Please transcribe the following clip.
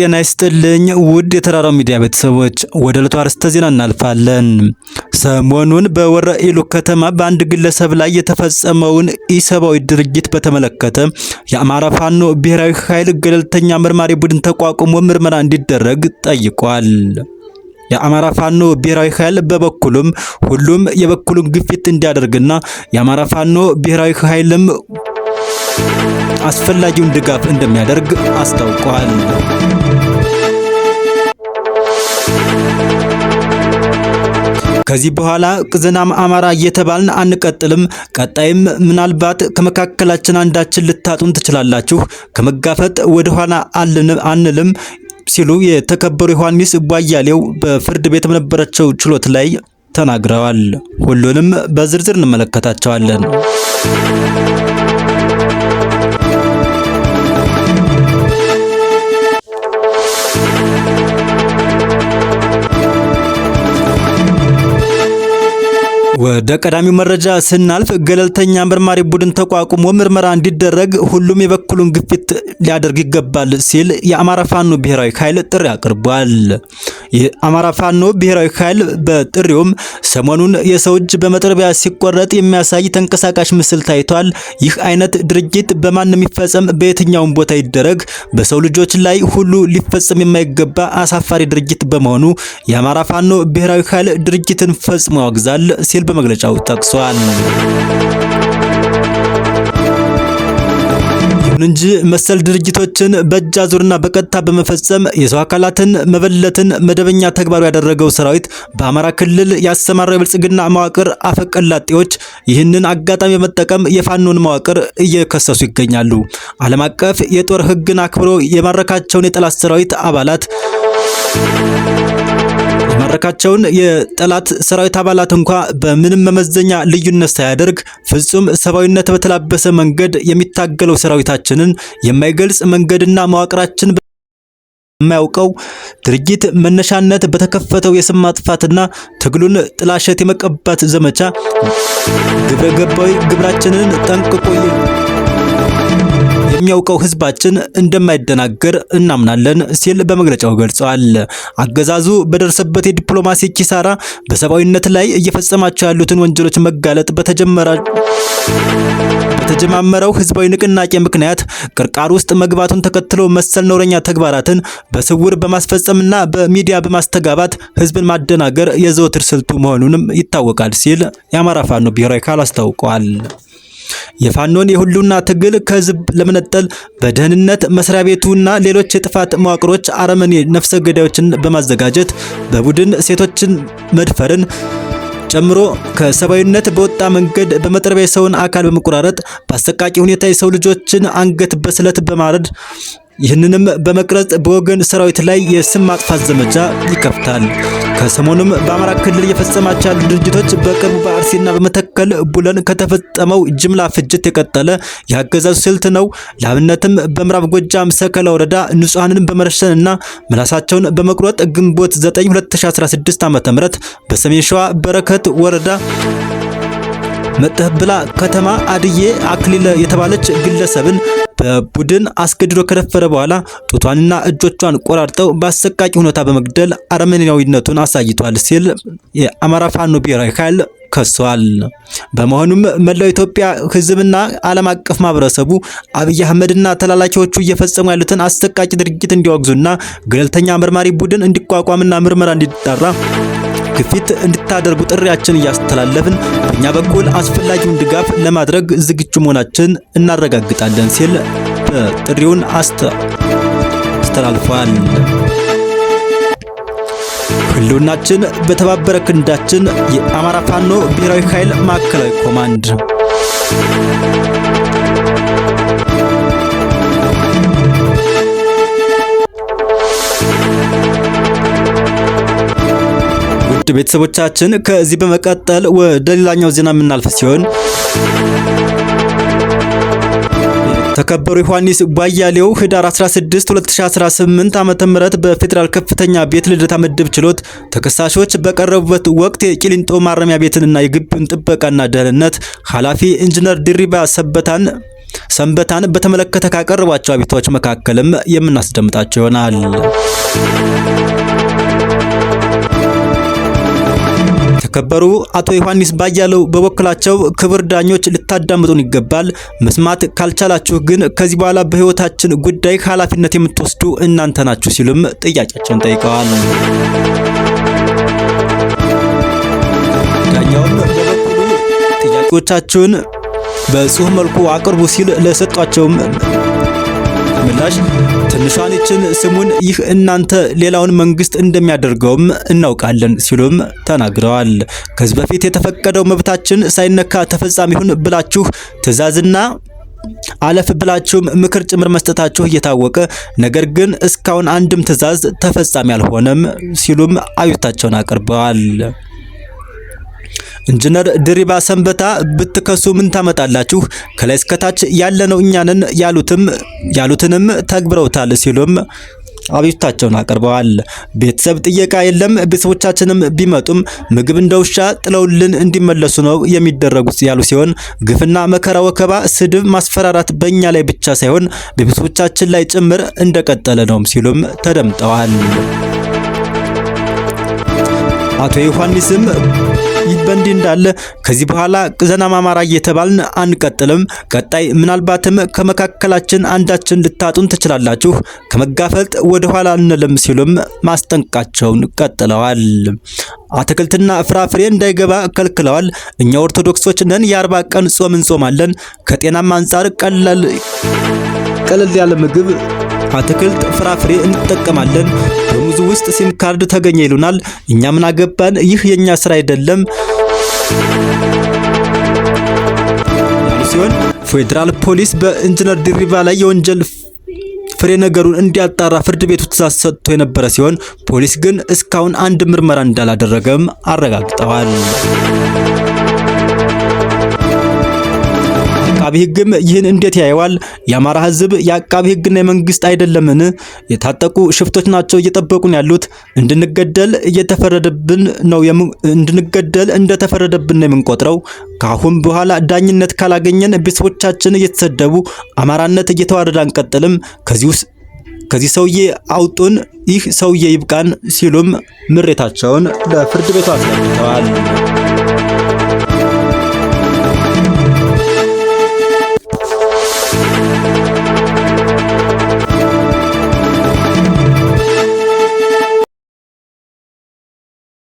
ጤና ይስጥልኝ ውድ የተራራው ሚዲያ ቤተሰቦች፣ ወደ ዕለቱ አርዕስተ ዜና እናልፋለን። ሰሞኑን በወረኢሉ ከተማ በአንድ ግለሰብ ላይ የተፈጸመውን ኢሰብአዊ ድርጊት በተመለከተ የአማራ ፋኖ ብሔራዊ ኃይል ገለልተኛ መርማሪ ቡድን ተቋቁሞ ምርመራ እንዲደረግ ጠይቋል። የአማራ ፋኖ ብሔራዊ ኃይል በበኩሉም ሁሉም የበኩሉን ግፊት እንዲያደርግና የአማራ ፋኖ ብሔራዊ ኃይልም አስፈላጊውን ድጋፍ እንደሚያደርግ አስታውቋል። ከዚህ በኋላ ቅዘናም አማራ እየተባልን አንቀጥልም። ቀጣይም ምናልባት ከመካከላችን አንዳችን ልታጡን ትችላላችሁ። ከመጋፈጥ ወደኋላ አልን አንልም ሲሉ የተከበሩ ዮሐንስ ቧያሌው በፍርድ ቤት በነበረቸው ችሎት ላይ ተናግረዋል። ሁሉንም በዝርዝር እንመለከታቸዋለን። ወደ ቀዳሚው መረጃ ስናልፍ ገለልተኛ መርማሪ ቡድን ተቋቁሞ ምርመራ እንዲደረግ ሁሉም የበኩሉን ግፊት ሊያደርግ ይገባል ሲል የአማራ ፋኖ ብሔራዊ ኃይል ጥሪ አቅርቧል። የአማራ ፋኖ ብሔራዊ ኃይል በጥሪውም ሰሞኑን የሰው እጅ በመጥረቢያ ሲቆረጥ የሚያሳይ ተንቀሳቃሽ ምስል ታይቷል። ይህ አይነት ድርጊት በማን የሚፈጸም በየትኛውም ቦታ ይደረግ በሰው ልጆች ላይ ሁሉ ሊፈጸም የማይገባ አሳፋሪ ድርጊት በመሆኑ የአማራ ፋኖ ብሔራዊ ኃይል ድርጊትን ፈጽሞ ያወግዛል ሲል በመግለጫው ጠቅሷል። ይሁን እንጂ መሰል ድርጊቶችን በእጅ አዙርና በቀጥታ በመፈጸም የሰው አካላትን መበለትን መደበኛ ተግባሩ ያደረገው ሰራዊት በአማራ ክልል ያሰማራው የብልጽግና መዋቅር አፈቀላጤዎች ይህንን አጋጣሚ በመጠቀም የፋኖን መዋቅር እየከሰሱ ይገኛሉ። ዓለም አቀፍ የጦር ሕግን አክብሮ የማረካቸውን የጠላት ሰራዊት አባላት ያላረካቸውን የጠላት ሰራዊት አባላት እንኳ በምንም መመዘኛ ልዩነት ሳያደርግ ፍጹም ሰብአዊነት በተላበሰ መንገድ የሚታገለው ሰራዊታችንን የማይገልጽ መንገድና መዋቅራችን የማያውቀው ድርጊት መነሻነት በተከፈተው የስም ማጥፋትና ትግሉን ጥላሸት የመቀባት ዘመቻ ግብረገባዊ ግብራችንን ጠንቅቆ የሚያውቀው ህዝባችን እንደማይደናገር እናምናለን ሲል በመግለጫው ገልጸዋል። አገዛዙ በደረሰበት የዲፕሎማሲ ኪሳራ በሰብአዊነት ላይ እየፈጸማቸው ያሉትን ወንጀሎች መጋለጥ በተጀመረ በተጀማመረው ህዝባዊ ንቅናቄ ምክንያት ቅርቃር ውስጥ መግባቱን ተከትሎ መሰል ነውረኛ ተግባራትን በስውር በማስፈጸምና በሚዲያ በማስተጋባት ህዝብን ማደናገር የዘወትር ስልቱ መሆኑንም ይታወቃል ሲል የአማራ ፋኖ ብሔራዊ ካል አስታውቋል። የፋኖን የሁሉና ትግል ከህዝብ ለመነጠል በደህንነት መስሪያ ቤቱና ሌሎች የጥፋት መዋቅሮች አረመኔ ነፍሰ ገዳዮችን በማዘጋጀት በቡድን ሴቶችን መድፈርን ጨምሮ ከሰብአዊነት በወጣ መንገድ በመጥረቢያ የሰውን አካል በመቆራረጥ በአሰቃቂ ሁኔታ የሰው ልጆችን አንገት በስለት በማረድ ይህንንም በመቅረጽ በወገን ሰራዊት ላይ የስም ማጥፋት ዘመቻ ይከፍታል። ከሰሞኑም በአማራ ክልል የፈጸማቸው ያሉ ድርጅቶች በቅርቡ በአርሲና በመተ መካከል ቡለን ከተፈጸመው ጅምላ ፍጅት የቀጠለ የአገዛዙ ስልት ነው። ለአብነትም በምዕራብ ጎጃም ሰከላ ወረዳ ንጹሐንን በመረሸን እና ምላሳቸውን በመቁረጥ ግንቦት 9 2016 ዓ.ም በሰሜን ሸዋ በረከት ወረዳ መጠብላ ከተማ አድዬ አክሊለ የተባለች ግለሰብን በቡድን አስገድዶ ከደፈረ በኋላ ጡቷንና እጆቿን ቆራርጠው በአሰቃቂ ሁኔታ በመግደል አረመኔያዊነቱን አሳይቷል ሲል የአማራ ፋኖ ብሔራዊ ኃይል ከሷል። በመሆኑም መላው ኢትዮጵያ ህዝብና ዓለም አቀፍ ማህበረሰቡ አብይ አህመድና ተላላኪዎቹ እየፈጸሙ ያሉትን አሰቃቂ ድርጊት እንዲወግዙና ገለልተኛ መርማሪ ቡድን እንዲቋቋምና ምርመራ እንዲጣራ ግፊት እንድታደርጉ ጥሪያችን እያስተላለፍን በእኛ በኩል አስፈላጊውን ድጋፍ ለማድረግ ዝግጁ መሆናችን እናረጋግጣለን ሲል ጥሪውን አስተላልፏል። ህልውናችን በተባበረ ክንዳችን። የአማራ ፋኖ ብሔራዊ ኃይል ማዕከላዊ ኮማንድ ቤተሰቦቻችን ከዚህ በመቀጠል ወደ ሌላኛው ዜና የምናልፍ ሲሆን ተከበሩ ዮሐንስ ባያሌው ህዳር 16 2018 ዓ.ም በፌዴራል ከፍተኛ ቤት ልደታ ምድብ ችሎት ተከሳሾች በቀረቡበት ወቅት የቂሊንጦ ማረሚያ ቤትንና የግቢውን ጥበቃና ደህንነት ኃላፊ ኢንጂነር ድሪባ ሰበታን ሰንበታን በተመለከተ ካቀረቧቸው አቤቱታዎች መካከልም የምናስደምጣቸው ይሆናል። ከበሩ አቶ ዮሐንስ ባያለው በበኩላቸው ክብር ዳኞች ልታዳምጡን ይገባል፣ መስማት ካልቻላችሁ ግን ከዚህ በኋላ በህይወታችን ጉዳይ ኃላፊነት የምትወስዱ እናንተ ናችሁ ሲሉም ጥያቄያቸውን ጠይቀዋል። ጥያቄዎቻችሁን በጽሁፍ መልኩ አቅርቡ ሲል ለሰጧቸውም ምላሽ ትንሿን ስሙን ይህ እናንተ ሌላውን መንግስት እንደሚያደርገውም እናውቃለን ሲሉም ተናግረዋል። ከዚህ በፊት የተፈቀደው መብታችን ሳይነካ ተፈጻሚ ይሁን ብላችሁ ትእዛዝና አለፍ ብላችሁም ምክር ጭምር መስጠታችሁ እየታወቀ ነገር ግን እስካሁን አንድም ትዕዛዝ ተፈጻሚ አልሆነም ሲሉም አቤቱታቸውን አቅርበዋል። ኢንጂነር ድሪባ ሰንበታ ብትከሱ ምን ታመጣላችሁ? ከላይ እስከታች ያለነው እኛንን ያሉትም ያሉትንም ተግብረውታል ሲሉም አቤቱታቸውን አቅርበዋል። ቤተሰብ ጥየቃ የለም፣ ቤተሰቦቻችንም ቢመጡም ምግብ እንደ ውሻ ጥለውልን እንዲመለሱ ነው የሚደረጉት ያሉ ሲሆን ግፍና መከራ፣ ወከባ፣ ስድብ፣ ማስፈራራት በእኛ ላይ ብቻ ሳይሆን በቤተሰቦቻችን ላይ ጭምር እንደቀጠለ ነውም ሲሉም ተደምጠዋል። አቶ ዮሐንስም ይህ በእንዲህ እንዳለ ከዚህ በኋላ ዘና ማማራ እየተባልን አንቀጥልም። ቀጣይ ምናልባትም ከመካከላችን አንዳችን ልታጡን ትችላላችሁ፣ ከመጋፈጥ ወደኋላ አንልም ሲሉም ማስጠንቀቃቸውን ቀጥለዋል። አትክልትና ፍራፍሬ እንዳይገባ ከልክለዋል። እኛ ኦርቶዶክሶች ነን፣ የአርባ ቀን ጾም እንጾማለን። ከጤናም አንጻር ቀለል ቀለል ያለ ምግብ አትክልት፣ ፍራፍሬ እንጠቀማለን። በሙዙ ውስጥ ሲም ካርድ ተገኘ ይሉናል። እኛ ምን አገባን? ይህ የኛ ስራ አይደለም ያሉ ሲሆን ፌዴራል ፖሊስ በኢንጂነር ድሪባ ላይ የወንጀል ፍሬ ነገሩን እንዲያጣራ ፍርድ ቤቱ ትዕዛዝ ሰጥቶ የነበረ ሲሆን ፖሊስ ግን እስካሁን አንድ ምርመራ እንዳላደረገም አረጋግጠዋል። አቃቢ ህግም ይህን እንዴት ያየዋል? የአማራ ህዝብ የአቃቢ ህግና የመንግስት አይደለምን? የታጠቁ ሽፍቶች ናቸው እየጠበቁን ያሉት። እንድንገደል እየተፈረደብን ነው እንድንገደል እንደተፈረደብን ነው የምንቆጥረው። ከአሁን በኋላ ዳኝነት ካላገኘን ቤተሰቦቻችን እየተሰደቡ አማራነት እየተዋረደ አንቀጥልም። ከዚህ ውስጥ ከዚህ ሰውዬ አውጡን፣ ይህ ሰውዬ ይብቃን ሲሉም ምሬታቸውን ለፍርድ ቤቱ አስገብተዋል።